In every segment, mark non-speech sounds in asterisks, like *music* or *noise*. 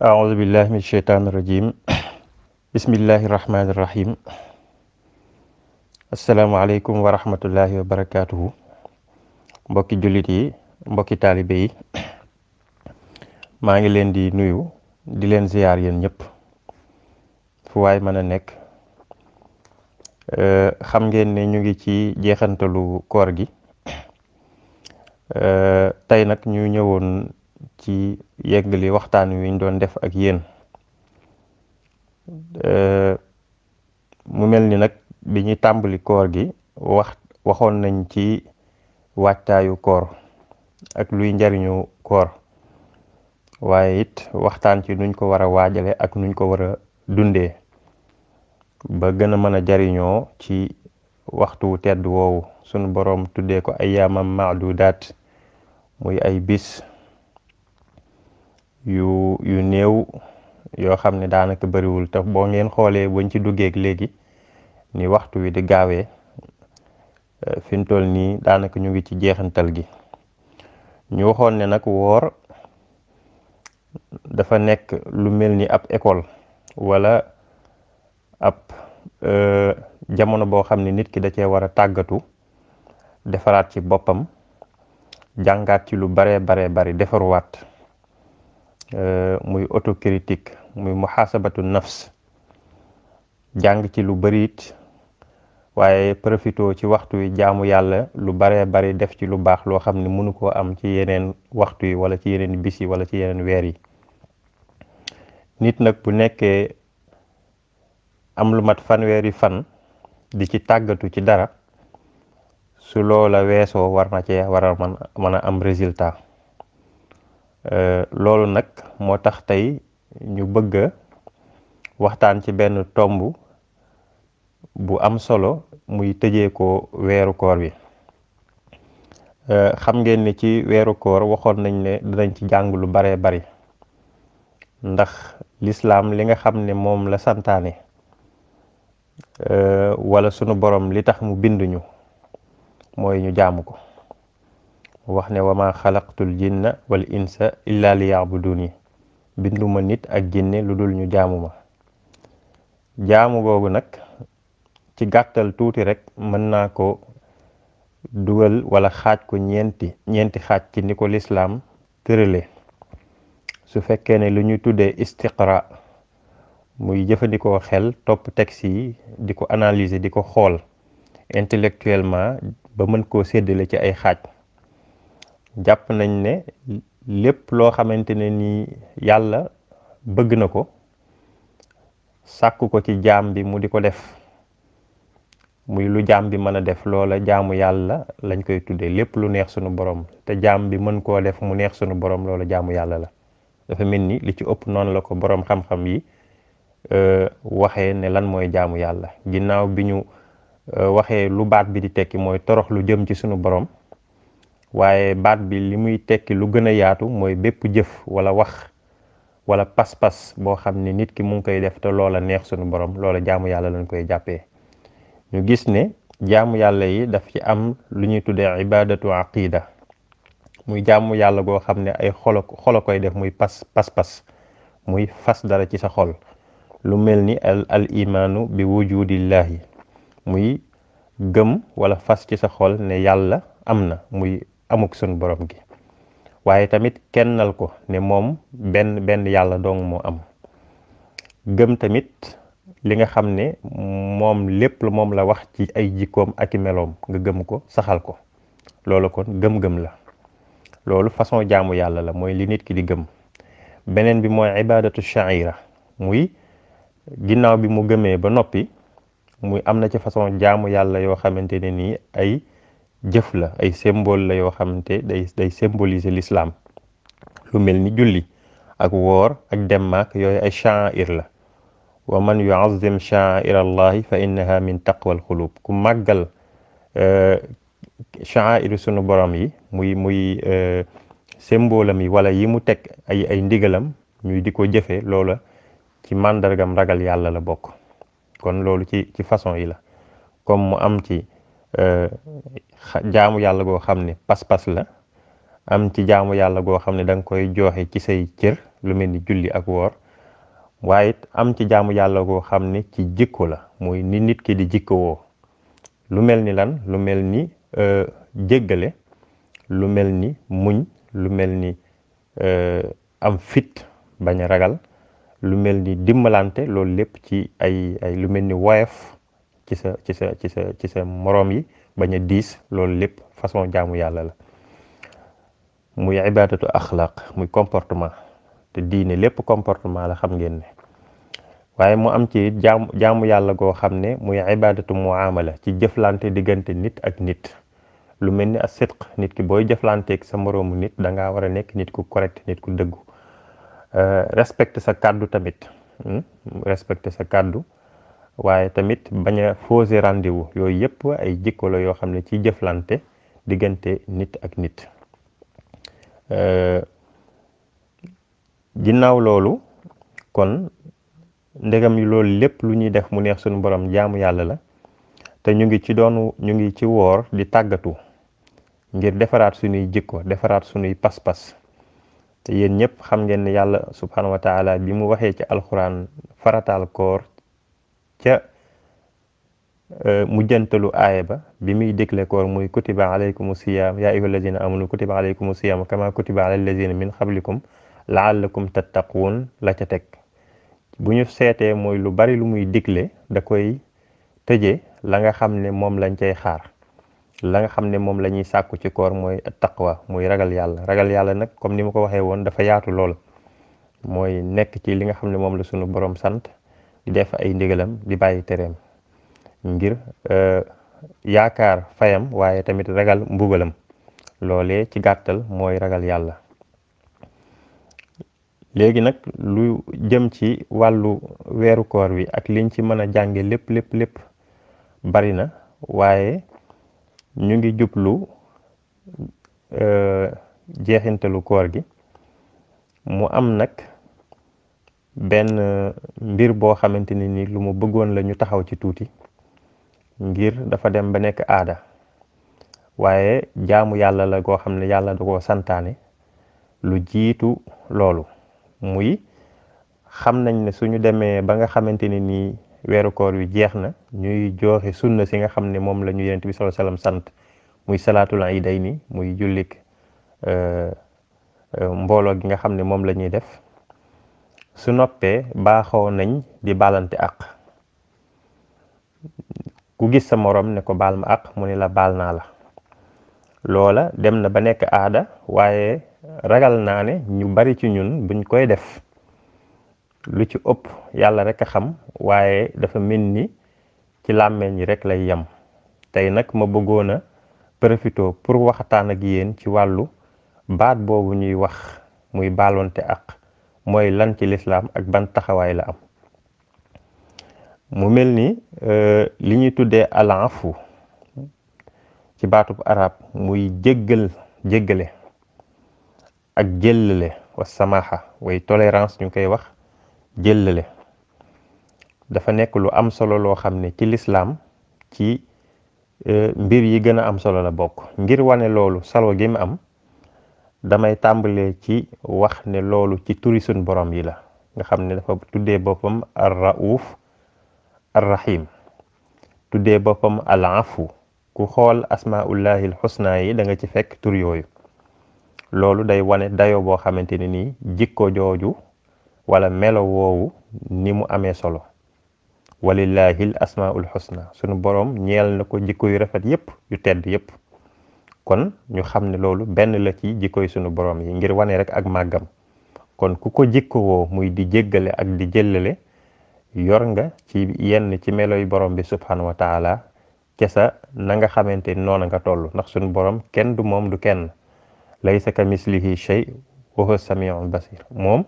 أعوذ بالله من الشيطان الرجيم بسم الله الرحمن الرحيم asalaamaaleykum wa wa barakaatuhu mbokki jullit yi mbokki taalibe yi *clears throat* maa ngi leen di nuyu di leen ziyaar yéen ñëpp fu waay mën a nekk euh, xam ngeen ne ñu ngi ci jeexantalu kor gi euh, tey nag ñu ñëwoon ci yeggali waxtaan wiñ doon def ak yéen euh, mu mel ni nag bi ñuy tàmbali koor gi waxoon nañ ci waajtaayu koor ak luy njariñu koor waaye it waxtaan ci nuñ ko war a waajale ak nuñ ko war a dundee ba gën a mën a jariñoo ci waxtu wu tedd woowu sunu boroom tuddee ko ay yaamam maadudaat muy ay bis yu yu néew yoo xam ne daanaka bariwul te boo ngeen xoolee bañ ci duggeek léegi ni waxtu wi di gaawee euh, fi mu toll nii daanaka ñu ngi ci jeexantal gi ñu waxoon ne nag woor dafa nekk lu mel ni ab école wala ab euh, jamono boo xam ne nit ki da cee war a tàggatu defaraat ci boppam jàngaat ci lu baree baree bari defaruwaat Euh, muy autocritique muy muhaasabatu nafs jàng ci lu bëri it waaye profito ci waxtu wi jaamu yàlla lu baree bari def ci lu baax loo xam ne mënu koo am ci yeneen waxtu yi wala ci yeneen bis yi wala ci yeneen weer yi nit nag bu nekkee am lu mat fanweeri fan di ci tàggatu ci dara su loola weesoo war na cee war a mën a am résultat Euh, loolu nag moo tax tey ñu bëgg waxtaan ci benn tomb bu am solo muy tëjee ko weeru koor bi euh, xam ngeen ni ci weeru koor waxoon nañ ne dinañ ci jàng lu baree bari ndax lislaam li nga xam ne moom la santaane euh, wala sunu borom li tax mu binduñu ñu mooy ñu jaamu ko wax ne wama xalaqtul jinna wala insa illa li yaabuduni binduma nit ak jinne lu dul ñu jaamu ma jaamu googu nag ci gàttal tuuti rek mën naa ko dugal wala xaaj ko ñeenti ñeenti xaaj ci ni ko lislaam tërale su fekkee ne lu ñu tuddee istiqra muy jëfandikoo xel topp texte yi di ko analyser di ko xool intellectuellement ba mën koo séddale ci ay xaaj jàpp nañ ne lépp loo xamante ne nii yàlla bëgg na ko sàkk ko ci jaam bi mu di ko def muy lu jaam bi mën a def loola jaamu yàlla lañ koy tuddee lépp lu neex sunu borom te jaam bi mën koo def mu neex sunu borom loola jaamu yàlla la dafa mel ni li ci ëpp noonu la ko borom xam-xam yi euh, waxe ne lan mooy jaamu yàlla ginnaaw bi ñu euh, waxee lu baat bi di tekki mooy torox lu jëm ci sunu borom waaye baat bi li muy tekki lu gën a yaatu mooy bépp jëf wala wax wala pas-pas boo xam ne nit ki mu ngi koy def te loola neex suñu borom loola jaamu yàlla lañ koy jàppee ñu gis ne jaamu yàlla yi daf ci am lu ñuy tuddee ibadatu aqida muy jaamu yàlla goo xam ne ay xolo xolo koy def muy pas pas-pas muy fas dara ci sa xol lu mel ni al al imaanu bi wujudillahi muy gëm walla fas ci sa xol ne yàlla am na muy amuk sun borom gi waaye tamit kennal ko ne moom benn benn yàlla dong moo am gëm tamit li nga xam ne moom lépp la moom la wax ci ay jikkoom ak i meloom nga gëm ko saxal ko loolu kon gëm-gëm la loolu façon jaamu yàlla la mooy li nit ki di gëm beneen bi mooy ibadatu sha'ira muy ginnaaw bi mu gëmee ba noppi muy am na ci façon jaamu yàlla yoo xamante ne nii ay jëf la ay symbole la yoo xamante day day symboliser l'islam lu mel ni julli ak woor ak dem maak yooyu ay sha'ir la wa man yu'azzim sha'ir allahi fa innaha min taqwal xulub ku màggal euh, sha'ir sunu borom yi muy muy euh, symbole am yi wala yi mu teg ay ay ndigalam ñuy di ko jëfe loola ci màndargam ragal yàlla la bokk kon loolu ci façon yi la comme mu am ci Euh, jaamu yàlla goo xam ne pas-pas la am ci jaamu yàlla goo xam ne danga koy jooxe ci say cër lu mel ni julli ak woor waaye am ci jaamu yàlla goo xam ne ci jikko la mooy ni nit ki di jikko woo lu mel ni lan lu mel ni euh, jéggale lu mel ni muñ lu mel ni euh, am fit bañ ragal lu mel ni dimbalante loolu lépp ci ay ay lu mel ni woyof ci sa ci sa ci sa ci sa moroom yi bañ a diis loolu lépp façon jaamu yàlla la muy ibaadatu axlaq muy comportement te diine lépp comportement la xam ngeen ne waaye mu am ci jaamu jaamu yàlla goo xam ne muy ibaadatu muamala ci jëflante diggante nit ak nit lu mel ni as sidq nit ki booy jëflanteeg sa moromu nit da ngaa war a nekk nit ku correct nit ku dëggu euh, respecte sa kàddu tamit hmm? respecte sa kàddu waaye tamit bañ a fausser yooyu yëpp ay jikko la yoo xam ne ci jëflante diggante nit ak nit euh, ginnaaw loolu kon ndegam loolu lépp lu ñuy def mu neex sunu borom jaamu yàlla la te ñu ngi ci doon ñu ngi ci woor di tàggatu ngir defaraat suñuy jikko defaraat suñuy pas-pas te yéen ñëpp xam ngeen ne yàlla subhanahu wa bi mu waxee ci alxuraan farataal koor ca euh, mujjantalu aaya ba bi muy dégle koor muy kutiba alaykum siyaam yaa ayyuha allazina amanu kutiba alaykum siyaam kama kutiba ala allazina min qablikum laallakum tattaquun la ca teg bu ñu seetee mooy lu bari lu muy digle da koy tëje la nga xam ne moom lañ cay xaar la nga xam ne moom la ñuy sàkku ci koor mooy waa muy ragal yàlla ragal yàlla nag comme ni ma ko waxee woon dafa yaatu lool mooy nekk ci li nga xam ne moom la sunu borom sant di def ay ndigalam di bàyyi tereem ngir euh, yaakaar fayam waaye tamit ragal mbugalam loole ci gàttal mooy ragal yàlla léegi nag lu jëm ci wàllu weeru koor wi ak liñ ci mën a jànge lépp lépp lépp bari na waaye ñu ngi jublu euh, jeexintalu koor gi mu am nag benn euh, mbir boo xamante ne ni lu mu bëggoon la ñu taxaw ci tuuti ngir dafa dem ba nekk aada waaye jaamu yàlla la goo xam ne yàlla da santaane lu jiitu loolu muy xam nañ ne suñu demee ba nga xamante ne nii weeru koor wi jeex na ñuy jooxe sunna si nga xam ne moom la ñu yonent bi sallallahu alayhi wasallam sant muy salaatul iidayni muy jullik euh, euh, mbooloo gi nga xam ne moom la ñuy def su noppee baaxoo nañ di balante àq ku gis sa moroom ne ko baal ma àq mu ne la baal naa la loola dem na ba nekk aada waaye ragal naa ne ñu bari ci ñun buñ koy def lu ci ëpp yàlla rekk a xam waaye dafa mel ni ci làmmeñ yi rek lay yem tey nag ma bëggoon a profité pour waxtaan ak yéen ci wàllu baat boobu ñuy wax muy baalonte àq mooy lan ci lislaam ak ban taxawaay la am mu mel ni euh, li ñuy tuddee alaafu ci baatub arab muy jéggal jéggale ak jëllale wa samaha way tolérance ñu koy wax jëllale dafa nekk lu am solo loo xam ne ci lislaam ci euh, mbir yi gën a am solo la bokk ngir wane loolu salo gi am damay tàmbalee ci wax ne loolu ci turi suñ borom yi la nga xam ne dafa tuddee boppam ar rauf ar rahim tuddee boppam al ku xool asmaullahi al xusna yi da nga ci fekk tur yooyu loolu day wane dayo boo xamante ne nii jikko jooju wala melo woowu ni mu amee solo walillahi al asmaul xusna sunu borom ñeel na ko jikko yu rafet yépp yu tedd yépp kon ñu xam ne loolu benn la ci jikkoy sunu borom yi ngir wane rek ak màggam kon ku ko jikkowoo muy di jéggale ak di jëllale yor nga ci yenn ci meloy boroom bi subhanahu wa taala ca sa na nga xamante noona nga toll ndax sunu borom kenn du moom du kenn laysa ka mislihi shay wa huwa samiul basir moom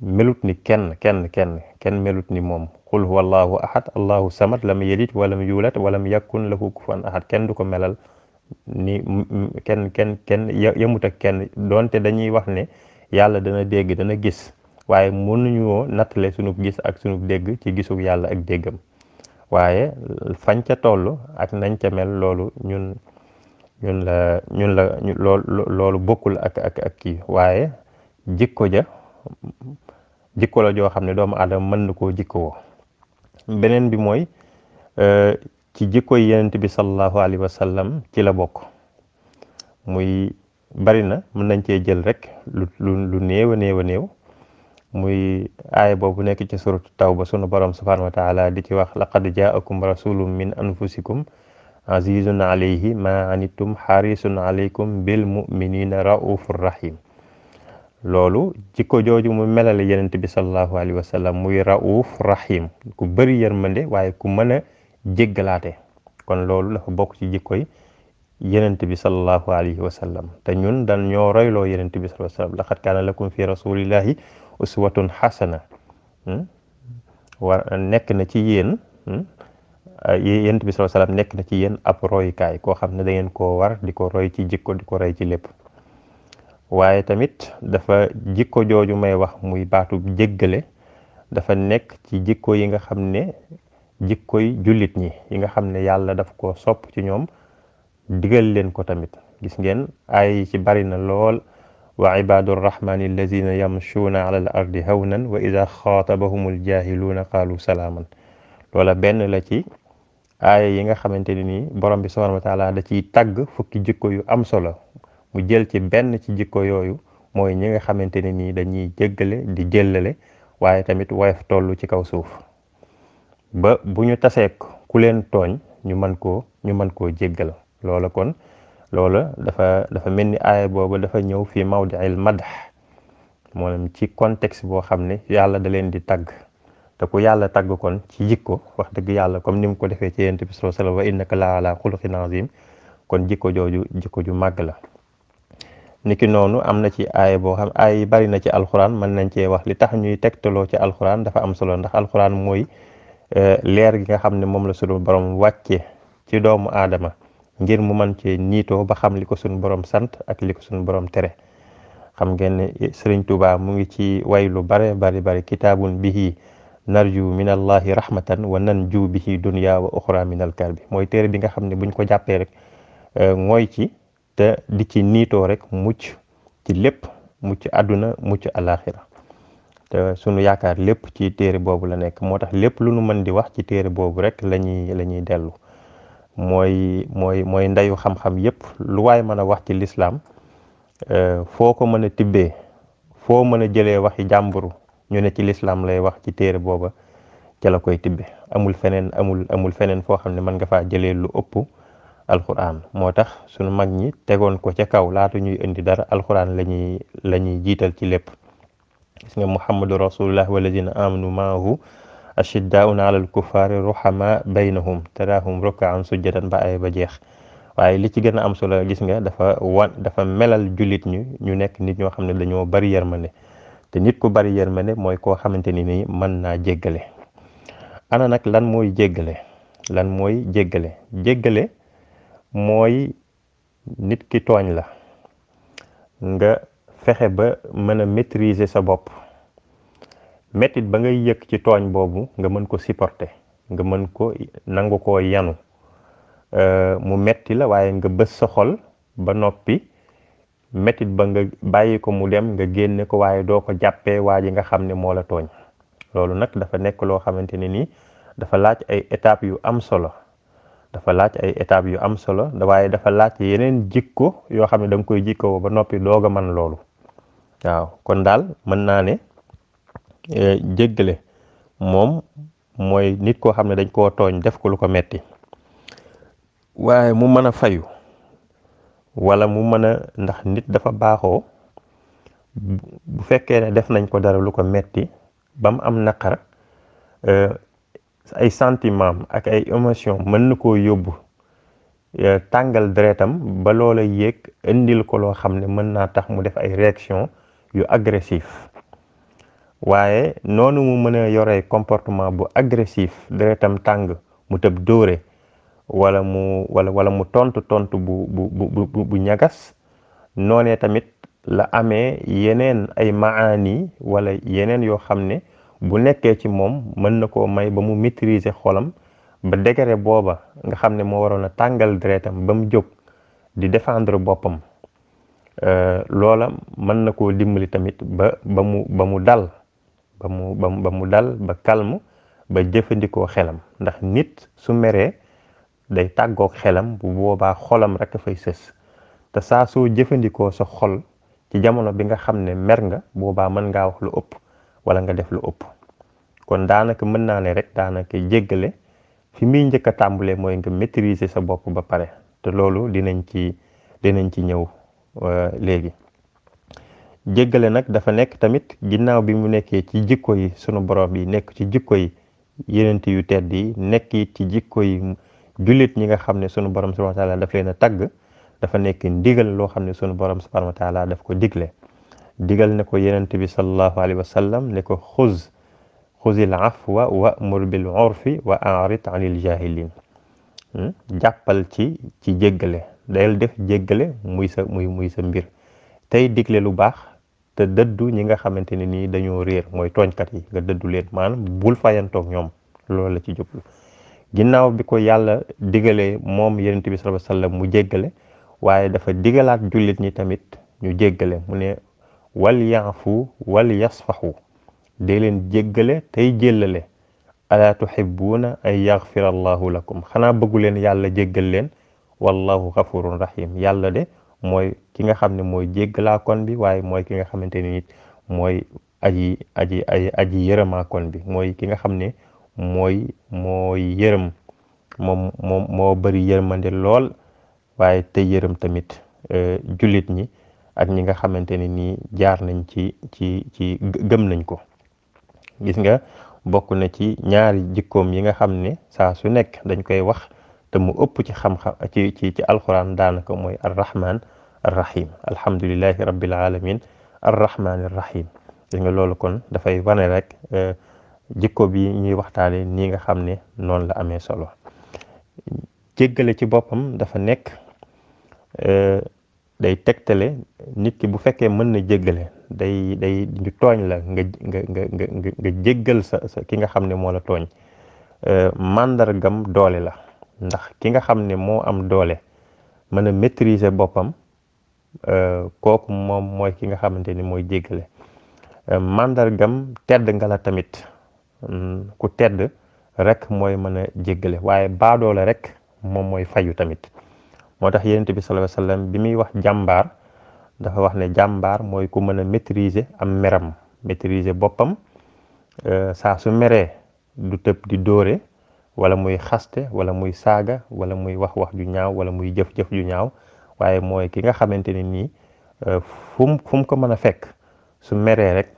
melut ni kenn kenn kenn kenn melut ni moom qul huwa allahu ahad allahu samad lam yalid walam yulat walam yakun lahu kufuwan ahad kenn du ko melal ni kenn kenn kenn kenn doonte dañuy wax ne yàlla dana dégg dana gis waaye mënuñoo nattale sunub gis ak sunub dégg ci gisu yàlla ak déggam waaye fañ ca toll ak nañ ca mel loolu ñun ñun la ñun la loolu bokkul ak ak ak kii waaye jikko ja jikko la joo xam ne doomu aadama mën na koo jikkoo beneen bi mooy euh, ci jikkoy yenent bi sallallahu alayhi wa ci la bokk muy bari na mën nañ cee jël rek lu lu néew a néew a muy aaya boobu nekk ci suratu tawba sunu borom subhanahu wa taala di ci wax laqad jaakum rasulun min anfusikum azizun alayhi ma anittum xarisun alaykum bil muminina raufur rahim loolu jikko jooju mu melale yenent bi sallallahu alayhi wa muy rauf rahim ku bëri yërmande waaye ku mën jéggalaate kon loolu dafa bokk ci jikkoy yenent bi sallallahu alayhi wa te ñun dan ñoo royloo yenent bi sallallahu alayhi wa sallam laqad kaana lakum fi rasulillahi uswatun xasana hmm? nekk na ci yéen hmm? ah, yenent bi sallallahu alayhi nekk na ci yéen ab roykaay xam ne dangeen ngeen koo war di ko roy ci jikko di ko roy ci lépp waaye tamit dafa jikko jooju may wax muy baatu jéggale dafa nekk ci jikko yi nga xam ne jikkoy jullit ñi yi nga xam ne yàlla daf ko sopp ci ñoom digal leen ko tamit gis ngeen aay ci bari na lool wa ibaadu rrahmani allazina yamchuuna ala al ardi hawnan wa ida xaatabahum aljahiluuna qaalu salaaman loola benn la ci aaya yi nga xamante ni nii borom bi subhaanahu da ciy tàgg fukki jikko yu am solo mu jël ci benn ci jikko yooyu mooy ñi nga xamante ne nii dañuy jëggale di jëllale waaye tamit woyof tollu ci kaw suuf ba bu ñu taseek ku leen tooñ ñu mën koo ñu mën koo jéggal loola kon loola dafa dafa mel ni aaya booba dafa ñëw fii mawdiil madh moom ci contexte boo xam ne yàlla da leen di tagg te ku yàlla tagg kon ci jikko wax dëgg yàlla comme ni mu ko defee ci yonent bi sallallahu alayhi wa sallam wa innaka la azim kon jikko jooju jikko ju màgg la niki noonu am na ci aaya boo xam aaya yi bari na ci alxuraan mën nañ cee wax li tax ñuy tegtaloo ci alxuraan dafa am solo ndax alxuraan mooy Eh, leer gi nga xam ne moom la sunu borom wàcce ci doomu aadama ngir mu mën cee niitoo ba xam li ko sunu borom sant ak li ko sunu borom tere xam ngeen ne eh, Sëriñ Tuubaa mu ngi ci way lu bare bari bari kitaabun bihi narju min allahi rahmatan wa nanju bihi dunya wa uxra min alkarbi mooy téere bi nga xam ne buñ ko jàppee rek mooy eh, ci te di ci niitoo rek mucc ci lépp mucc àdduna mucc alaxira te sunu yaakaar lépp ci téere boobu la nekk moo tax lépp lu nu mën di wax ci téere boobu rek la ñuy la dellu mooy mooy mooy ndeyu xam-xam yépp lu waay mën a wax ci lislaam euh, foo ko mën a tibbee foo mën a jëlee waxi jàmburu ñu ne ci lislaam lay wax ci téere booba ca la koy tibbe amul feneen amul amul feneen foo xam ne mën nga faa jëlee lu ëpp alxuraan moo tax sunu mag ñi tegoon ko ca kaw laata ñuy indi dara alxuraan la ñuy la ñuy jiital ci lépp gis nga muhammadu rasulullah walladina amanu maahu ashiddaun ala alkuffari ruhama baynahum tarahum rukaan sujjadan ba ay ba jeex waaye li ci gën a am solo gis nga dafa wan dafa melal jullit ñu ñu nekk nit ñoo xam ne dañoo bari yërmande te nit ku bari ne mooy koo xamante ni nii mën naa jéggale ana nag lan mooy jéggale lan mooy jéggale jéggale mooy nit ki tooñ la fexe ba mën a maîtriser sa bopp métit ba ngay yëg ci tooñ boobu nga mën ko supporter nga mën ko nangu ko yanu euh, mu metti la waaye nga bës sa xol ba noppi métit ba nga bàyyi ko mu dem nga génne ko waaye doo ko jàppee waa ji nga xam ne moo la tooñ loolu nag dafa nekk loo xamante ne nii dafa laaj ay étapes yu am solo dafa laaj ay étapes yu am solo waaye dafa laaj yeneen jikko yoo xam ne da koy jikkoo ba noppi doog a mën loolu waaw kon daal mën naa ne eh, jéggale moom mooy nit koo xam ne dañ koo tooñ def ko lu ko metti waaye mu mën a fayu wala mu mën a ndax nit dafa baaxoo bu fekkee ne def nañ ko dara lu ko metti ba mu am naqar eh, ay sentiment ak ay émotion mën na koo yóbbu eh, tàngal deretam ba loola yéeg indil ko loo xam ne mën naa tax mu def ay réaction yu agressif waaye noonu mu mën a yoree comportement bu agressif deretam tàng mu tëb dóore wala mu wala wala mu tontu tontu bu bu bu ñagas noone tamit la amee yeneen ay maani wala yeneen yoo xam ne bu nekkee ci moom mën na ko may ba mu maîtriser xolam ba degré booba nga xam ne moo waroon a tàngal deretam ba mu jóg di défendre boppam Euh, loola mën na koo dimbali tamit ba ba mu ba mu dal ba mu ba dal ba kalmu ba jëfandikoo xelam ndax nit su meree day tàggook xelam bu boobaa xolam rek fay sës te saa soo jëfandikoo sa xol ci jamono bi nga xam ne mer nga boobaa mën ngaa wax lu ëpp wala nga def lu ëpp kon daanaka mën naa ne rek daanaka jéggale fi muy njëkk a tàmbalee mooy nga maîtriser sa bopp ba pare te loolu dinañ ci dinañ ci ñëw Euh, léegi jéggale nag dafa nekk tamit ginnaaw bi mu nekkee ci jikko yi sunu borom bi nekk ci jikko yi yenent yu tedd yi nekk it ci jikko yi jullit ñi nga xam ne sunu borom subhanahu wa taala daf leen a tagg dafa nekk ndigal loo xam ne sunu borom subhanahu wa taala ko digle digal ne ko yenent bi sallallahu alayhi wa sallam ne ko xuz xuzil afwa wa amur bil urfi wa arit anil jahilin hmm? jàppal ci ci jéggale dayal def jéggale muy sa muy muy sa mbir tey digle lu baax te dëddu ñi nga xamante ne nii dañoo réer mooy tooñkat yi nga dëddu leen maanaam bul fayantoog ñoom loolu la ci jublu ginnaaw bi ko yàlla digalee moom yonent bi sallallahu alayhi wasallam mu jéggale waaye dafa digalaat jullit ñi tamit ñu jéggale mu ne wal yaafu wal yasfaxu dee leen jéggale tey jéllale alaa tuhibbuuna an yaxfira allahu lakum xanaa bëggu leen yàlla jéggal leen wallahu xafurun rahim yàlla de mooy ki nga xam ne mooy jéggalaa kon bi waaye mooy ki nga xamante ni mooy aji aji ay aji yërëmaa kon bi mooy ki nga xam ne mooy mooy yërëm moom moom moo bari yërmande lool waaye te yërëm tamit euh, jullit ñi ak ñi nga xamante ni nii jaar nañ ci ci ci gëm nañ ko gis nga bokk na ci ñaari jikkoom yi nga xam ne saa su nekk dañ koy wax te mu ëpp ci xam-xam ci ci ci alxuraan daanaka mooy arrahman arrahim alhamdulilahi rabbil alamin arrahman arrahim da nga loolu kon dafay wane rek e, jikko bi ñuy waxtaane nii nga xam ne noonu la amee solo jëggale ci boppam dafa nekk e, day tegtale nit ki bu fekkee mën na jéggale day day tooñ la nga nga nga nga nga sa sa ki nga xam ne moo la tooñ e, màndargam doole la ndax ki nga xam ne moo am doole mën a maîtriser boppam euh, kooku moom mooy ki nga xamante ni mooy jéggale euh, màndargam tedd ngala tamit hmm, ku tedd rek mooy mën a jéggale waaye baadoole rek moom mooy faju tamit moo tax yonent bi sallallahu alayhi bi muy wax jàmbaar dafa wax ne jàmbaar mooy ku mën a maîtriser am meram maîtriser boppam euh, saa su meree du tëb di dóore wala muy xaste wala muy saaga wala muy wax-wax ju ñaaw wala muy jëf-jëf ñaaw waaye mooy ki nga xamante ne nii euh, fu ko mën a fekk su meree rek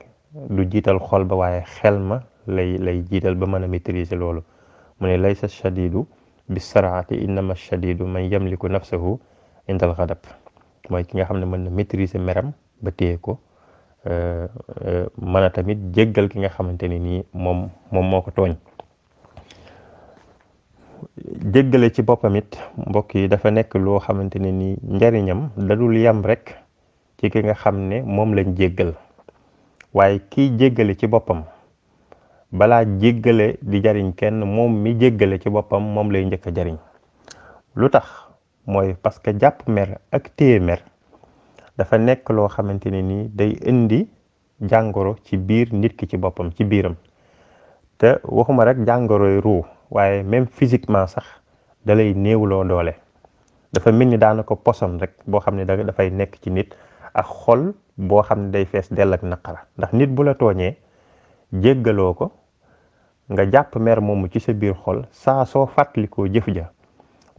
du jiital xol ba waaye xel ma lay lay jiital ba mën a maîtriser loolu mu ne laysa shadidu bi saraati innama shadidu man yamliku nafsahu indal xadab mooy ki nga xam ne mën na maîtriser meram ba téye ko euh, euh, mën a tamit jéggal ki nga xamante ne nii moom moom moo ko tooñ jéggale ci boppam it mbokk yi dafa nekk loo xamante ne ni njariñam dadul yam rek ci ki nga xam ne moom lañ jéggal waaye kiy jéggale ci boppam balaa jéggale di jariñ kenn moom mi jéggale ci boppam moom lay njëkk a jariñ lu tax mooy parce que jàpp mer ak téye mer dafa nekk loo xamante ne ni day indi jàngoro ci biir nit ki ci boppam ci biiram te waxuma rek jàngoroy ruu waaye même physiquement sax da lay néewloo doole dafa mel ni daanaka poson rek boo xam ne da dafay nekk ci nit ak xol boo xam ne day fees dell ak naqara ndax nit bu la tooñee jéggaloo ko nga jàpp mer moomu ci sa biir xol saa soo fàttalikoo jëf ja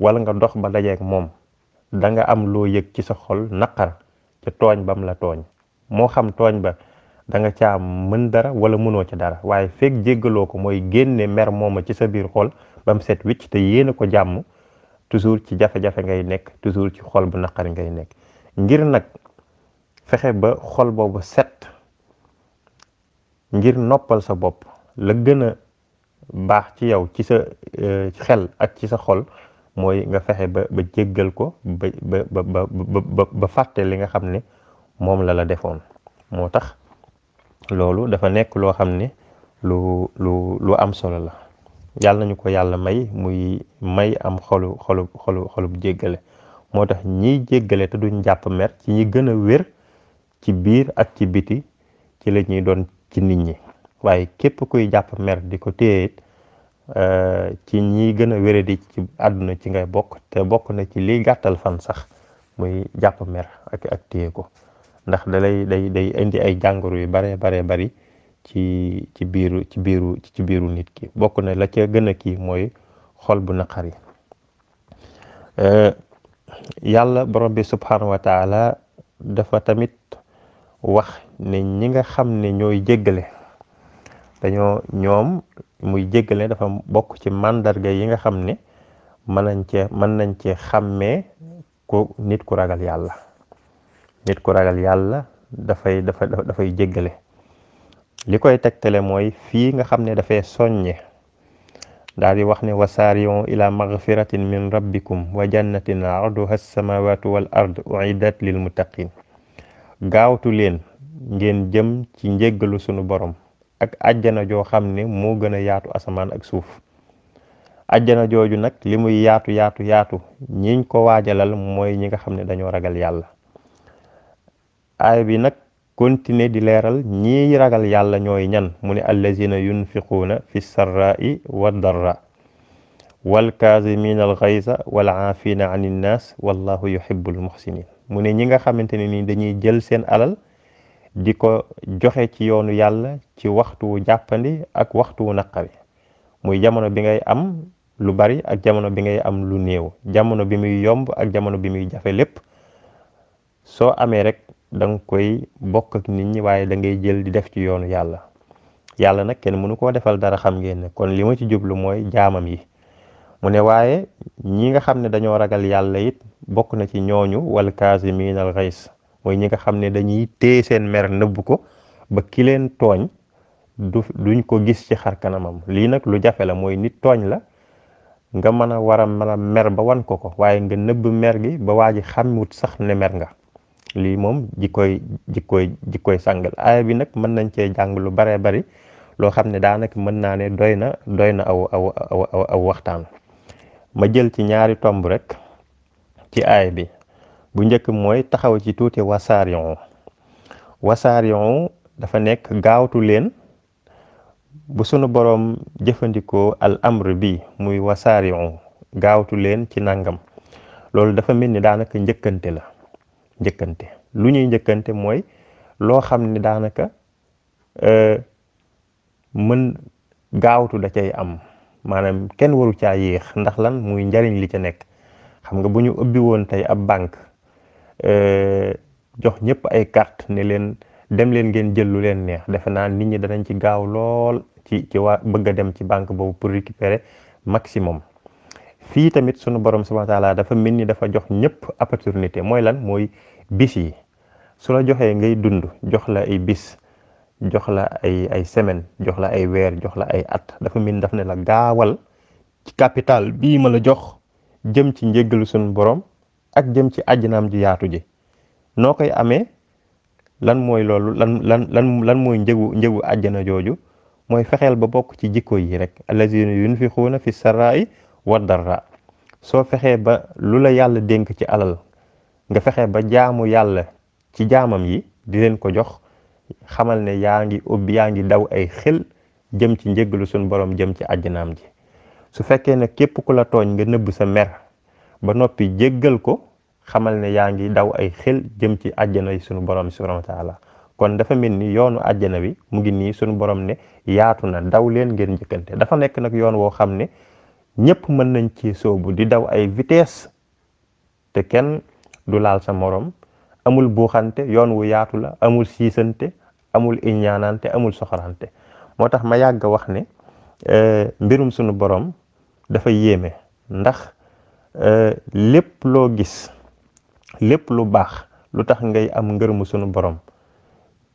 wala nga dox ba dajeek moom da nga am loo yëg ci sa xol naqar ca tooñ bam la tooñ moo xam tooñ ba da nga caa mën dara wala mënoo ca dara waaye fekk jéggaloo ko mooy génne mer mooma ci sa biir xol ba mu set wicc te yéene ko jàmm toujours ci jafe-jafe ngay nekk toujours ci xol bu naqari ngay nekk ngir nag fexe ba xol boobu set ngir noppal sa bopp la gën a baax ci yow ci sa euh, xel ak ci sa xol mooy nga fexe ba ba jéggal ko ba ba ba ba ba fàtte li nga xam ne moom la la defoon moo tax loolu dafa nekk loo xam ne lu lu lu am solo la yàlla nañu ko yàlla may muy may am xolu xolu xolu xolub jéggale moo tax ñi jéggale te duñ jàpp mer ci ñi gën a wér ci biir ak ci biti ci la ñuy doon ci nit ñi waaye képp kuy jàpp di ko téye euh, ci ñi gën a wére ci àdduna ci ngay bokk te bokk na ci liy gàttal fan sax muy jàpp mer ak téye ko ndax dalay day day indi ay jàngoro yu bare bare bari ci ci biiru ci biiru ci biiru nit ki bokk na la ca gën a kii mooy xol bu naqari eh, yàlla borom bi subhanahu wa taala dafa tamit wax ne ñi nga xam ne ñooy jéggale dañoo ñoom muy jéggale dafa bokk ci màndarga yi nga xam ne mën nañ cee mën nañ cee xàmmee ku nit ku ragal yàlla nit ku ragal yàlla dafay dafa dafay jéggale li koy tegtale mooy fii nga xam ne dafay soññe daal di wax ne wasaarion ila magfiratin min rabbikum wa jannatin arduha as-samawatu wal ard uiddat lil muttaqin leen ngeen jëm ci njéggalu sunu borom ak àjjana joo xam ne moo gën a yaatu asamaan ak suuf àjjana jooju nag li muy yaatu yaatu yaatu ñiñ ko waajalal mooy ñi nga xam ne dañoo ragal yàlla aay bi nag continuer di leeral ñii ragal yàlla ñooy ñan mu ne allazina yunfiquuna fi sarra'i wa darra walkaazimina alxaysa wal aafina an innaas wallahu yuhibbul muhsinin mu ne ñi nga xamante ne ni dañuy jël seen alal di ko joxe ci yoonu yàlla ci waxtu jàppandi ak waxtu wu muy jamono bi ngay am lu bari ak jamono bi ngay am lu néew jamono bi muy yomb ak jamono bi muy jafe lépp soo amee rek da nga koy bokk ak nit ñi waaye dangay jël di def ci yoonu yàlla yàlla nag kenn mënu koo defal dara xam ngeen ne kon li ma ci jublu mooy jaamam yi mu ne waaye ñi nga xam ne dañoo ragal yàlla it bokk na ci ñooñu wal kaazimiina al ghays mooy ñi nga xam ne dañuy téye seen mer nëbb ko ba ki leen tooñ du duñ ko gis ci xar kanamam lii nag lu jafe la mooy nit tooñ la nga mën a war a mën a mer ba wan ko ko waaye nga nëbb mer gi ba waa ji xamut sax ne mer nga lii moom jikkoy jikkoy jikkoy sàngal aaya bi nag mën nañ cee jàng lu baree bari loo xam ne daanaka mën naa ne doy na doy na aw aw aw waxtaan ma jël ci ñaari tomb rekk ci aaya bi bu njëkk mooy taxaw ci tuuti wasaarion wasaarion dafa nekk gaawtu leen bu sunu boroom jëfandikoo al amr bi muy wasaarion gaawtu leen ci nangam loolu dafa mel ni daanaka njëkkante la njëkkante lu ñuy njëkkante mooy loo xam ne daanaka euh, mën gaawtu da cay am maanaam kenn waru caa yéex ndax lan muy njariñ li ca nekk xam nga bu ñu ubbi woon tey ab banque euh, jox ñëpp ay carte ne leen dem leen ngeen jël lu leen neex defe naa nit ñi danañ ci gaaw lool ci ci waa bëgg dem ci banque boobu pour récupérer maximum fii tamit sunu borom subhaanahu taala dafa mel ni dafa jox ñëpp opportunité mooy lan mooy bis yi su la joxee ngay dund jox la ay bis jox la ay ay semaine jox la ay weer jox la ay at dafa mel ni daf ne la gaawal ci capital bii ma jox jëm ci njéggalu sunu borom ak jëm ci àjjanaam ji yaatu ji noo koy amee lan mooy loolu lan lan lan lan mooy njëgu njëgu àjjana jooju mooy fexeel ba bokk ci jikko yi rek allazina nu fi saraa'i wa dara soo fexee ba lu la yàlla dénk ci alal nga fexe ba jaamu yàlla ci jaamam yi di leen ko jox xamal ne yaa ngi ubbi yaa ngi daw ay xel jëm ci njëggalu suñ borom jëm ci àjjanaam ji su fekkee ne képp ku la tooñ nga nëbb sa mer ba noppi jéggal ko xamal ne yaa ngi daw ay xel jëm ci àjjana yi sunu borom subhanahu wa kon dafa mel ni yoonu àjjana bi mu ngi nii suñu borom ne yaatu na daw leen ngeen njëkkante dafa nekk nag yoon woo xam ne ñépp mën nañ ci soobu di daw ay vitesse te kenn du laal sa morom amul buuxante yoon wu yaatu la amul siisante amul iñaanante amul soxorante moo tax ma yàgg wax ne euh, mbirum sunu borom dafa yéeme ndax euh, lépp loo gis lépp lu baax lu tax ngay am ngërëmu sunu borom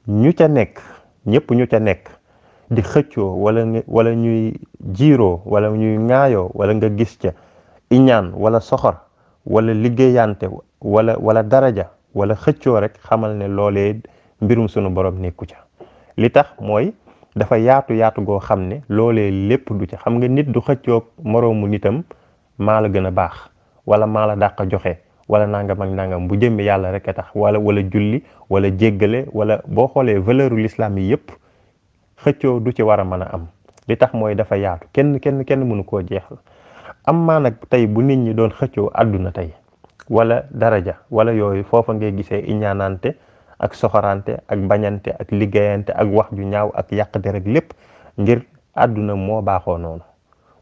ñu ca nekk ñépp ñu ca nekk di xëccoo wala wala ñuy jiiroo wala ñuy ŋaayoo wala nga gis ca iñaan wala soxor wala liggéeyante wala wala daraja wala xëccoo rek xamal ne loolee mbirum sunu borom nekku ca li tax mooy dafa yaatu yaatu goo xam ne loolee lépp du ca xam nga nit du xëccoog moroomu nitam maa la gën a baax wala maa la dàq joxe wala nangam ak nangam bu jëmm yàlla rek a tax wala wala julli wala jéggale wala boo xoolee valeur u l'islam yi yëpp xëccoo du ci war a mën a am li tax mooy dafa yaatu kenn kenn kenn mënu koo jeexal am maa nag tey bu nit ñi doon xëccoo àdduna tey wala daraja wala yooyu foofa ngay gisee iñaanante ak soxorante ak bañante ak liggéeyante ak wax ju ñaaw ak yàq der ak lépp ngir àdduna moo baaxoo noonu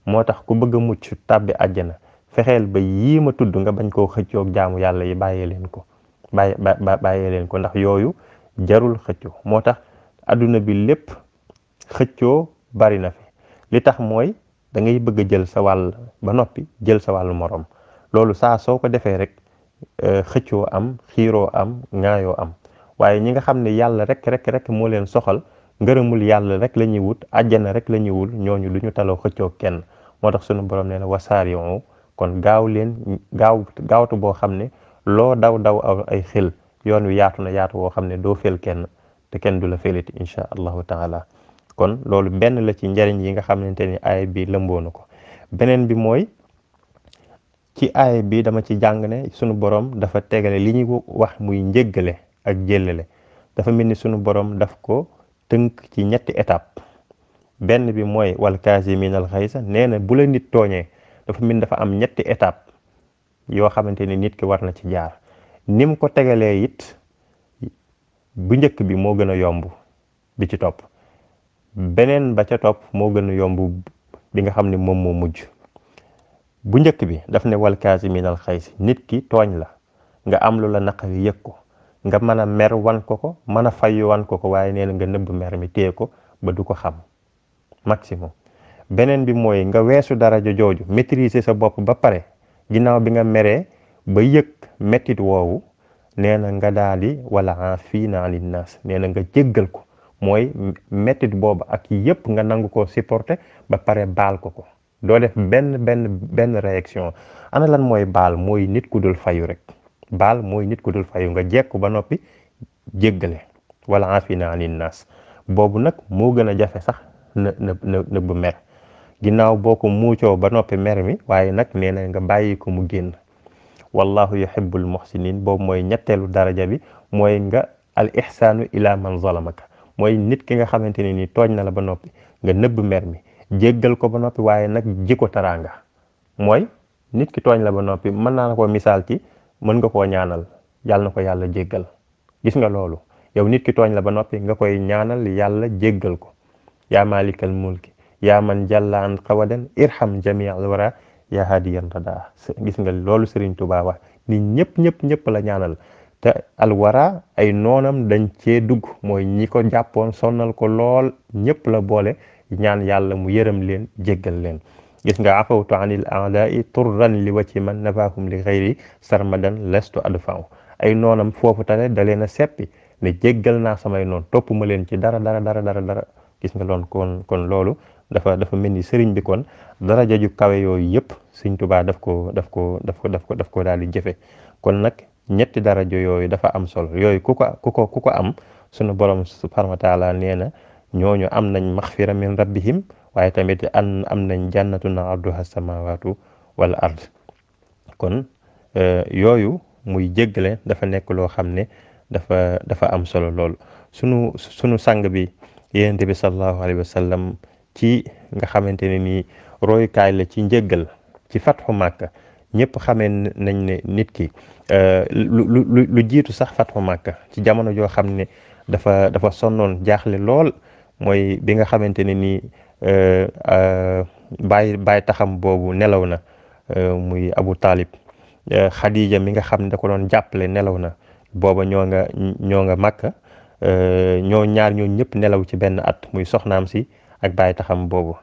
moo tax ku bëgg mucc tàbbi àjjana fexeel ba yii ma tudd nga bañ koo xëccoog jaamu yàlla yi bàyyee leen ko bàyyi bàyyee leen ko ndax yooyu jarul xëccoo moo tax àdduna bi lépp xëccoo bari na fi li tax mooy da ngay bëgg jël sa wàll ba noppi jël sa wàllu moroom loolu saa soo ko defee rek euh, xëccoo am xiiroo am ŋaayoo am waaye ñi nga xam ne yàlla rek rek rek moo leen soxal ngërëmul yàlla rek la ñuy wut àjjana rek la ñuy ñooñu du ñu taloo xëccoo kenn moo tax sunu borom nee na wasaarion kon gaaw leen gaaw gaawtu boo xam ne loo daw daw ay xël yoon wi yaatu na yaatu woo xam ne doo fel kenn te kenn du la felit incha allahu taala kon loolu benn la ci njariñ yi nga xamante ni aaya bi lëmboonu ko beneen bi mooy ci aaya bi dama ci jàng ne sunu borom dafa tegale li ñuy wax muy njëggale ak jëllale dafa mel ni sunu borom daf ko tënk ci ñetti étape benn bi mooy wal kaasimin al xaysa nee na bu la nit tooñee dafa mel ni dafa am ñetti étape yoo xamante ni nit ki war na ci jaar nim ko tegalee it bu njëkk bi moo gën a yomb bi ci topp beneen ba ca topp moo gën a yomb bi nga xam ni moom moo mujj bu njëkk bi daf ne wal kaasiminal xaysi nit ki tooñ la nga am lu la naqari yëg ko nga mën a mer wan ko ko mën a fay wan ko ko waaye nee na nga nëbb mer mi téye ko ba du ko xam maximum beneen bi mooy nga weesu daraja jooju maîtriser sa bopp ba pare ginnaaw bi nga meree ba yëg mettit woowu nee na nga daal di wala en fii naa li naas nee na nga jéggal ko mooy méttit boobu ak yépp nga nangu ko supporter ba pare baal ko ko doole def benn benn benn réaction ana lan mooy baal mooy nit ku dul fayu rek baal mooy nit ku dul fayu nga jekku ba noppi jéggale wala afina anin nas boobu nag moo gën a jafe sax na na na mer ginnaaw boo ko muucoo ba noppi mer mi waaye nag nee na nga bàyyi ko mu génn wallahu yuhibbul muhsinin boobu mooy ñetteelu daraja bi mooy nga al ihsaanu ila man zalamaka mooy nit ki nga xamante ne ni tooñ na la ba noppi nga nëbb mer mi jéggal ko ba noppi waaye nag ji taraanga mooy nit ki tooñ la ba noppi mën naa ko misaal ci mën nga koo ñaanal yàlla na ko yàlla jéggal gis nga loolu yow nit ki tooñ la ba noppi nga koy ñaanal yàlla jéggal ko yaa maalikal mulki yaa man jàlla an xawadan irham jami al wara yaa hadiyan radaa gis nga loolu Serigne Touba wax ni ñëpp ñëpp ñëpp la ñaanal te alwara ay noonam dañ cee dugg mooy ñi ko jàppoon sonnal ko lool ñépp la boole ñaan yàlla mu yërëm leen jéggal leen gis nga afawtu anil aadai turran li wacci man nafahum li xayri sarmadan lestu adfaaw ay noonam foofu tane da leen a seppi ne jéggal naa samay noon toppuma leen ci dara dara dara dara dara gis nga loon kon kon loolu dafa dafa mel ni sëriñ bi kon daraja ju kawe yooyu yëpp sëriñ Tuubaa daf ko daf ko daf ko daf ko daf ko daal di jëfe kon nag ñetti daraja yooyu dafa am solo yooyu ku ko ku ko ku ko am sunu borom subhanahu wa taala nee na ñooñu am nañ maxfira min rabbihim waaye tamit an am nañ jannatun arduha samawatu wal ard kon euh, yooyu muy jéggale dafa nekk loo xam ne dafa dafa am solo lool sunu sunu sang bi yonent bi sallallahu alayhi wa ci nga xamante ne nii royukaay la ci njëggal ci fatxu Màkka ñëpp xamee nañ ne nit ki euh, lu lu lu jiitu sax fatxu Màkka ci jamono joo xam ne dafa dafa sonnoon jaaxle lool mooy bi nga xamante ne nii bàyyi euh, euh, bàyyi taxam boobu nelaw na muy Abu Talib Xadija mi nga xam ne da ko doon jàppale nelaw na booba ñoo nga ñoo nga Màkka ñoo ñaar ñoo ñëpp nelaw ci benn at muy soxnaam si ak bàyyi taxam boobu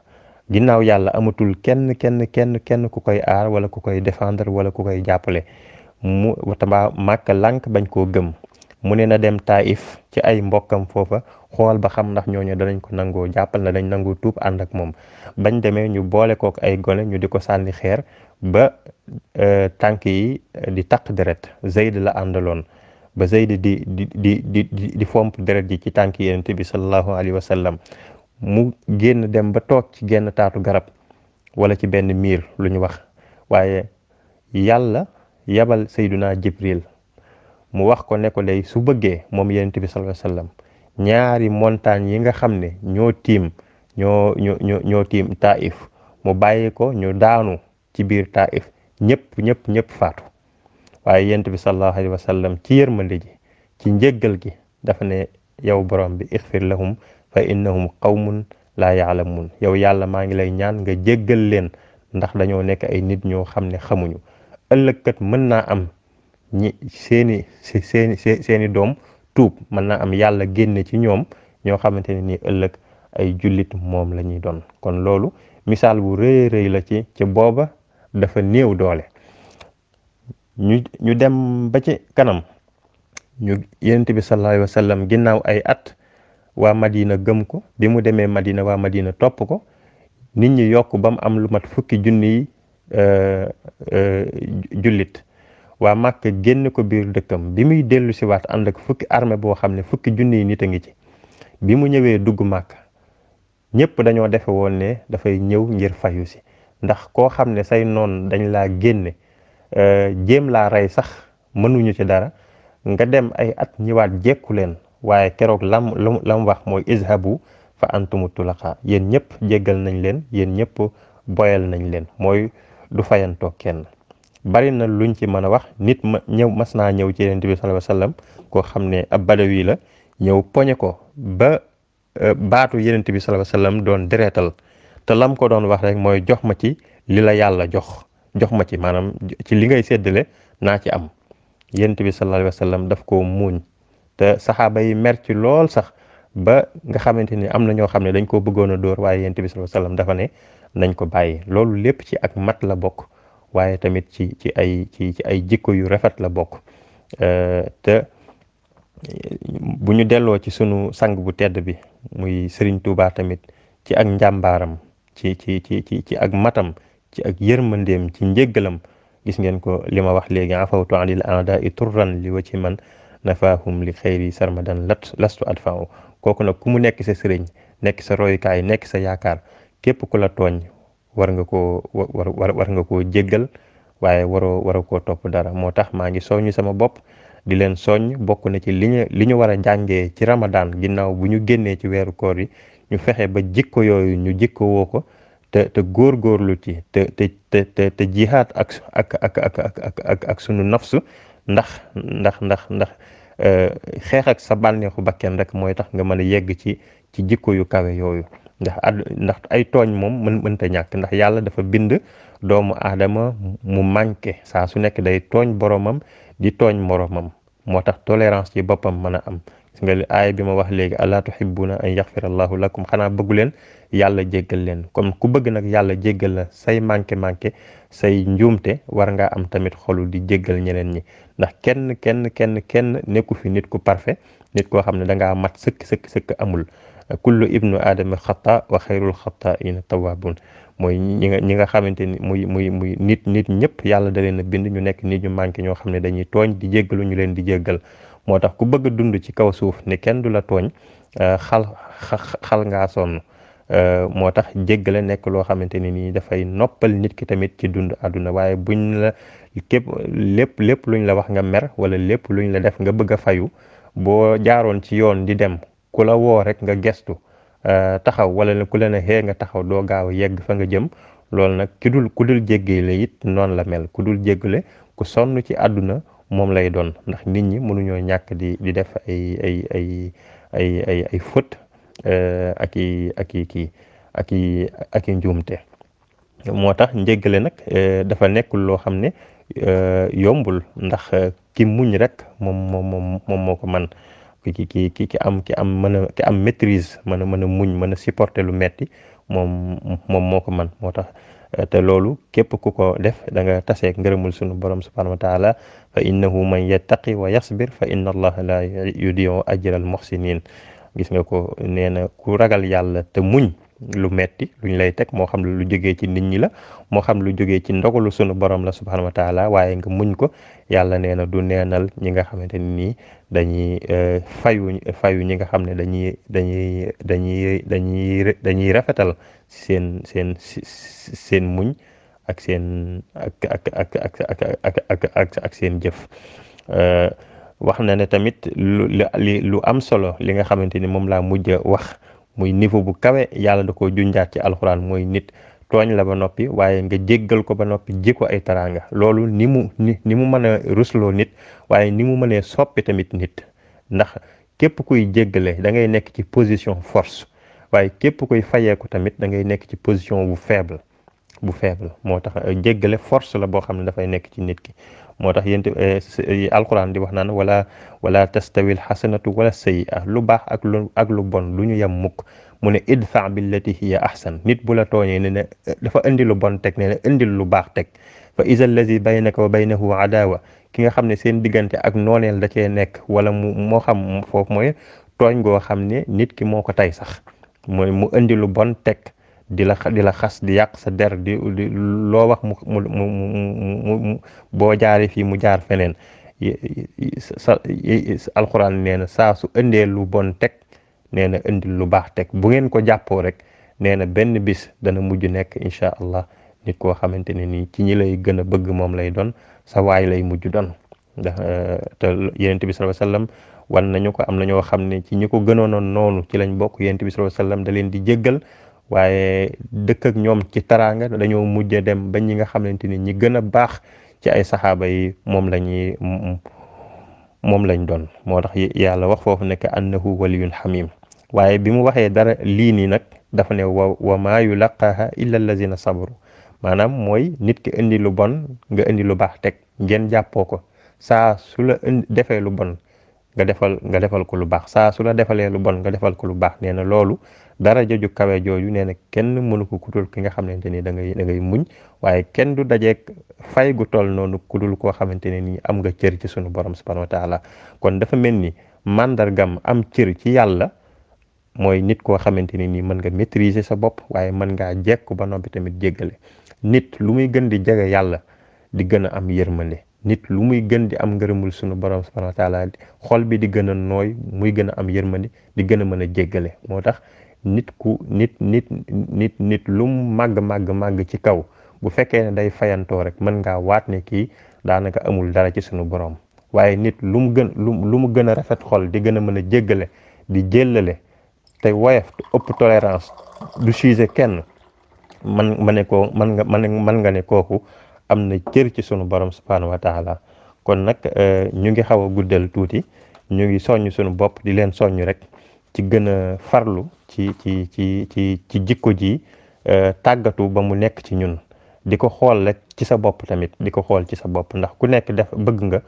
ginnaaw yàlla amatul kenn kenn kenn kenn ku koy aar wala ku koy défendre wala ku koy jàppale mu wataba màkk lànk bañ koo gëm mu ne na dem taif ci ay mbokkam foofa xool ba xam ndax ñooñu danañ ko nangoo jàppal na dañ nangoo tuub ànd ak moom bañ demee ñu boole kook ay gone ñu di ko sànni xeer ba e, tànk yi e, di taq deret Zayd la àndaloon ba Zayd di di di di di fomp deret ji ci tànk yonent bi sallallahu alayhi wa sallam mu génn dem ba toog ci genn taatu garab wala ci benn miir lu ñu wax waaye yàlla yabal sayduna jibril mu wax ko ne ko day su bëggee moom yonent bi sallallahu alayhi ñaari montagne yi nga xam ne ñoo tiim ñoo tiim taif mu bàyyi ko ñu daanu ci biir taif ñëpp ñëpp ñëpp faatu waaye yonent bi sallallahu alayhi wasallam ci yërmande ji ci njëggal gi dafa ne yow borom bi ixfir lahum fa innahum qawmun laa yaalamun yow yàlla maa ngi lay ñaan nga jéggal leen ndax dañoo nekk ay nit ñoo xam ne xamuñu ëllëg kat mën naa am ñi seeni seeni doom tuub mën na am yàlla génne ci ñoom ñoo xamante ne nii ëllëg ay jullit moom la doon kon loolu misaal bu rëy rëy la ci ci booba dafa néew doole ñu ñu dem ba ci kanam ñu yonent bi sallallahu alayhi sallam ginnaaw ay at waa Madina gëm ko bi mu demee Madina waa Madina topp ko nit ñi yokk ba mu am lu mat fukki junni junniy euh, euh, jullit waa Màkka génne ko biir dëkkam bi muy dellu si waat ànd ak fukki armée boo xam ne fukki junniy nit a ngi ci bi mu ñëwee dugg Màkka ñëpp dañoo defe woon ne dafay ñëw ngir fayu si ndax koo xam ne say noon dañ laa génne euh, jéem laa rey sax mënuñu ci dara nga dem ay at ñëwaat jekku leen waaye keroog lam lam la mu wax mooy izhabu fa antumu tulaqa yéen ñëpp jéggal nañ leen yéen ñëpp boyal nañ leen mooy du fayantoo kenn bari na luñ ci mën a wax nit ma ñëw mas naa ñëw ci yonent bi sallallahu alayhi koo xam ne ab badawi la ñëw poñe ko ba e, baatu yonent bi sallallahu alayhi doon dereetal te lam ko doon wax rek mooy jox ma ci li la yàlla jox jox ma ci maanaam ci li ngay séddale naa ci am yonent bi sallallahu alayhi wasallam daf ko muuñ te saxaaba yi merci lool sax ba nga xamante ni am na ñoo xam ne dañ koo bëggoon a dóor waaye yonent bi sallallahu alayhi dafa ne nañ ko bàyyi loolu lépp ci ak mat la bokk waaye tamit ci ci ay ci ci ay jikko yu rafet la bokk euh, te bu ñu delloo ci sunu sang bu tedd bi muy sëriñ Touba tamit ci ak njàmbaaram ci ci ci ci ci ak matam ci ak yërmandeem ci njéggalam gis ngeen ko li ma wax léegi afawtu anil aada i turran li wa ci man nafaahum li xayri sarmadan lat lastu adfaaw kooku nag ku mu nekk sa sëriñ nekk sa royukaay nekk sa yaakaar képp ku la tooñ war nga koo war war nga koo jéggal waaye waroo war koo topp dara moo tax maa ngi soññ sama bopp di leen soññ bokk na ci li ñu li ñu war a njàngee ci ramadaan ginnaaw bu ñu génnee ci weeru koor bi ñu fexe ba jikko yooyu ñu jikko woo ko te te góorgóorlu ci te te te te jihaat ak ak ak ak sunu nafsu ndax ndax ndax ndax Euh, xeex ak sa bànneexu bakken rek mooy tax nga mën a yegg ci ci jikko yu kawe yooyu ndax ad ndax ay tooñ moom mën mënta ñàkk ndax yàlla dafa bind doomu aadama mu manqué saa su nekk day tooñ boromam di tooñ moromam moo tax tolérance ci boppam mën a am nga aaya bi ma wax léegi alaa tuhibbuna an yaxfir allahu lakum xanaa bëggu leen yàlla jéggal leen kon ku bëgg nag yàlla jéggal la say manqué manqué say njuumte war ngaa am tamit xolu di jéggal ñeneen ñi ndax kenn kenn kenn kenn nekku fi nit ku parfait nit koo xam ne dangaa mat sëkk sëkk sëkk amul kullu ibnu aadama xata wa xayrul xataina tawabun mooy ñi nga ñi nga xamante ni muy muy muy nit nit ñëpp yàlla da leen a bind ñu nekk nit ñu manqué ñoo xam ne dañuy tooñ di jéggalu ñu leen di jéggal moo tax ku bëgg a dund ci kaw suuf ne kenn du la tooñ euh, xal xal ngaa sonn euh, moo tax la nekk loo xamante ne nii dafay noppal nit ki tamit ci dund àdduna waaye buñ la képp lépp lépp luñ la wax nga mer wala lépp luñ la def nga bëgg a fayu boo jaaroon ci yoon di dem ku la woo rek nga gestu euh, taxaw wala ku la ne xee nga taxaw doo gaaw yegg fa nga jëm loolu nag ki dul ku dul jéggale it noonu la mel ku dul jéggale ku sonn ci àdduna moom lay doon ndax nit ñi mënuñoo ñàkk di di def ay ay ay ay ay ay fët euh, ak i ak kii ak i ak moo tax njéggale nag euh, dafa nekkul loo xam ne euh, yombul ndax ki muñ rek moom moom moom moo ko man ki ki ki ki am ki am mën a ki am maîtrise mën a mën a muñ mën a supporter lu metti moom moom moo ko man moo tax eh, te loolu képp ku ko def da nga taseek ngërëmul sunu borom subhanahu wa taala fa innahu man yattaqi wa yasbir fa inna allaha la yudiu ajral muhsinin gis nga ko nee na ku ragal yàlla te muñ lu metti luñ lay teg moo xam lu jógee ci nit ñi la moo xam lu jógee ci ndogalu sunu borom la subhanahu wa waaye nga muñ ko yàlla nee na du neenal ñi nga xamante ni nii dañuy euh, fayu fayu ñi nga xam ne dañuy dañuy dañuy dañuy dañuy rafetal seen seen seen muñ ak seen ak ak ak ak ak seen jëf euh, wax na ne tamit lu am solo li nga xamante ni moom laa mujj wax muy niveau bu kawe yàlla da ko junjaat ci alxuraan mooy nit tooñ la ba noppi waaye nga jéggal ko ba noppi ji ko ay taraanga loolu ni mu ni ni mu mën a rusloo nit waaye ni mu mënee soppi tamit nit ndax képp kuy jéggale da ngay nekk ci position force waaye képp kuy fayeeku tamit da ngay nekk ci position bu faible bu faible moo tax jéggale force la boo xam ne dafay nekk ci nit ki moo tax yéen eh, eh, alquran di wax naan wala wala tastawil xasanatu wala sayyi'a lu baax ak lu ak lu bon lu ñu yem mukk mu ne idfa billati hiya ahsan nit bu la tooñee ne ne eh, dafa indi lu bon teg ne indil lu baax teg fa iza allazi baynaka wa baynahu adawa ki nga xam ne seen diggante ak nooneel da cee nekk wala mu moo xam foofu mooy tooñ goo xam ne nit ki moo ko tey sax mooy mu indi lu bon tek di la di la xas di yàq sa der di loo wax mu mu mu mu boo jaaree fii mu jaar feneen sa alxuraan nee na saa su indee lu bon teg nee na indil lu baax teg bu ngeen ko jàppoo rek nee na benn bis dana mujj nekk incha allah nit koo xamante ne nii ci ñi lay gën a bëgg moom lay doon sa waay lay mujj doon ndax euh, te yonent bi sallallahu alayhi wasallam wan nañu ko am na ñoo xam ne ci ñi ko gënoonoon noonu ci lañ bokk yonent bi sallallahu alayhi wasallam da leen di jéggal waaye dëkk ak ñoom ci taraanga dañoo mujj dem ba ñi nga xamante ni ñi gën a baax ci ay saxaaba yi moom la moom lañ doon moo tax yàlla wax foofu nekk annahu waliyun xamim waaye bi mu waxee dara lii nii nag dafa ne wa wa maa yulaqaaha illa allazina sabaru maanaam mooy nit ki indi lu bon nga indi lu baax teg ngeen jàppoo ko saa su la defee lu bon nga defal nga defal ko lu baax saa su la defalee lu bon nga defal ko lu baax nee na loolu dara jëju kawe jooju nee na kenn mënu ko kudul ki nga xamante ni da ngay muñ waaye kenn du dajeek fay gu toll noonu kudul koo xamante ne ni am nga cër ci sunu borom subhanahu wa taala kon dafa mel ni màndargam am cër ci yàlla mooy nit koo xamante ne ni mën nga maîtriser sa bopp waaye mën ngaa jekku ba noppi tamit jéggale nit lu muy gën di jege yàlla di gën a am yërmande nit lu muy gën di am ngërëmul sunu borom subhanahu wa taala xol bi di gën a nooy muy gën a am yërmande di gën a mën a jéggale moo tax nit ku nit nit nit nit lum màgg màgg màgg ci kaw bu fekkee ne day fayantoo rek mën nga waat ne kii daanaka amul dara ci sunu borom waaye nit lu mu gën lu lu mu gën a rafet xol di gën a mën a jéggale di jéllale te woyof te ëpp tolérance du sujet kenn man ma ne koo man nga man nga ne kooku am na cër ci sunu borom subhanahu wa taala kon nag euh, ñu ngi xaw a guddal tuuti ñu ngi soññ sunu bopp di leen soññ rek ci gën a farlu ci ci ci ci ci jikko ji euh, tàggatu ba mu nekk ci ñun di ko xool rek ci sa bopp tamit di ko xool ci sa bopp ndax ku nekk def bëgg nga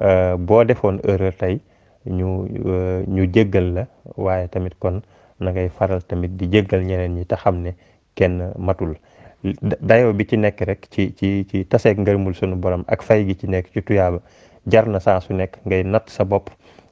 euh, boo defoon erreur tey ñu euh, ñu jéggal la waaye tamit kon nangay faral tamit di jéggal ñeneen ñi te xam ne kenn matul dayo bi ci nekk rek ci ci ci taseeg ngërëmul sunu borom ak fay gi ci nekk ci tuyaaba jar na saa su nekk ngay natt sa bopp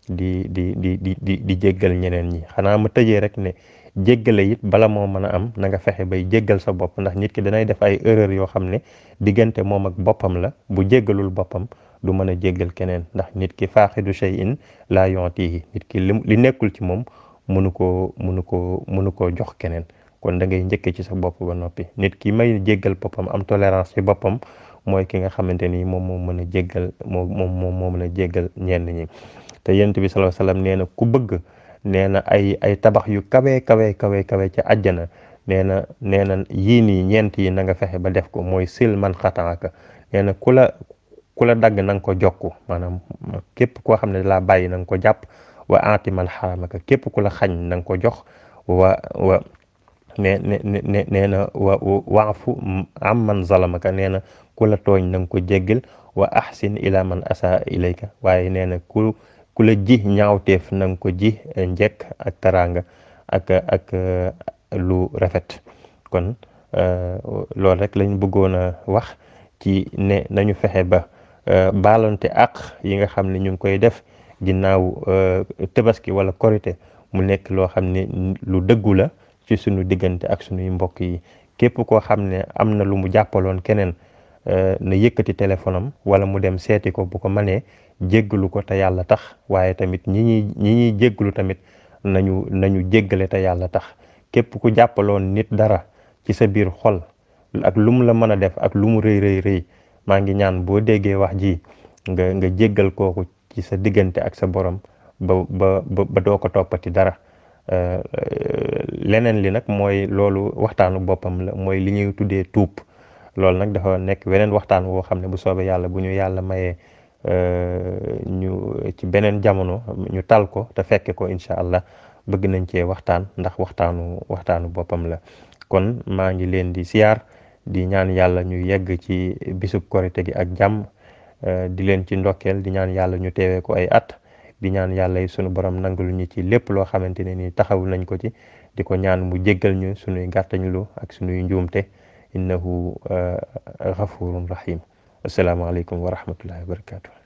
di di di di di di jéggal ñeneen ñi xanaa ma tëjee rek ne jéggale it bala moo mën a am na nga fexe bay jéggal sa bopp ndax nit ki danay def ay erreur yoo xam ne diggante moom ak boppam la bu jéggalul boppam du mën a jéggal keneen ndax nit ki du faaxidu shay'in tii yontihi nit ki li nekkul ci moom mënu koo mënu koo mënu koo jox keneen kon da ngay njëkkee ci sa bopp ba noppi nit ki may jéggal boppam am tolérance ci boppam mooy ki nga xamante ni moom moo mën a jéggal moom moom moo mën a jéggal ñenn ñi te yonent bi sallallahu alayhi nee na ku bëgg nee na ay ay tabax yu kawe kawe kawe kawe ca àjjana nee na nee na yii nii ñeent yi na nga fexe ba def ko mooy sil man xataaka nee na ku la ku la dagg na ko jokk maanaam képp koo xam ne laa bàyyi na ko jàpp wa anti man xaramaka képp ku la xañ na nga ko jox wa wa ne nee na wa waafu am man zalamaka nee na ku la tooñ na nga ko jéggal wa ahsin ila man asa ilayka waaye nee ku ku la ji ñaawteef na nga ko ji eh, njekk ak taraanga ak ak eh, lu rafet kon eh, loolu rek lañ bëggoon a wax ci ne nañu fexe ba balonte ak yi nga xam ne ñu ngi koy def ginnaaw tabaski wala korite mu nekk loo xam ne lu dëggu la ci sunu diggante ak suñuy mbokk yi képp koo xam ne am na lu mu jàppaloon keneen na yëkkati téléphone am wala mu dem seeti ko bu ko manee jéggalu ko te yàlla tax waaye tamit ñi ñuy ñi ñuy jéggalu tamit nañu nañu jéggale te yàlla tax képp ku jàppaloon nit dara ci sa biir xol ak lumu la mën a def ak lu mu rëy rëy rëy maa ngi ñaan boo déggee wax ji nga nga jéggal kooku ci sa diggante ak sa borom ba ba ba doo ko toppati dara euh, euh, leneen li nag mooy loolu waxtaanu boppam la mooy li ñuy tuddee tuub loolu nag dafa nekk weneen waxtaan woo xam ne bu soobee yàlla bu ñu yàlla mayee euh, ñu ci beneen jamono ñu tal ko te fekke ko incha allah bëgg nañ cee waxtaan ndax waxtaanu waxtaanu boppam la kon maa ngi leen di siyaar di ñaan yàlla ñu yegg ci bisub korite gi ak jàmm euh, di leen ci ndokkeel di ñaan yàlla ñu teewee ko ay at di ñaan yàlla sunu borom nangalu ñu ci lépp loo xamante ne ni taxawu nañ ko ci di ko ñaan mu jéggal ñu sunuy gàttañlu ak sunuy njuumte innahu uh, uh, ghafurun rahim asalaamaaleykum wa rahmatullahi wa barakatuh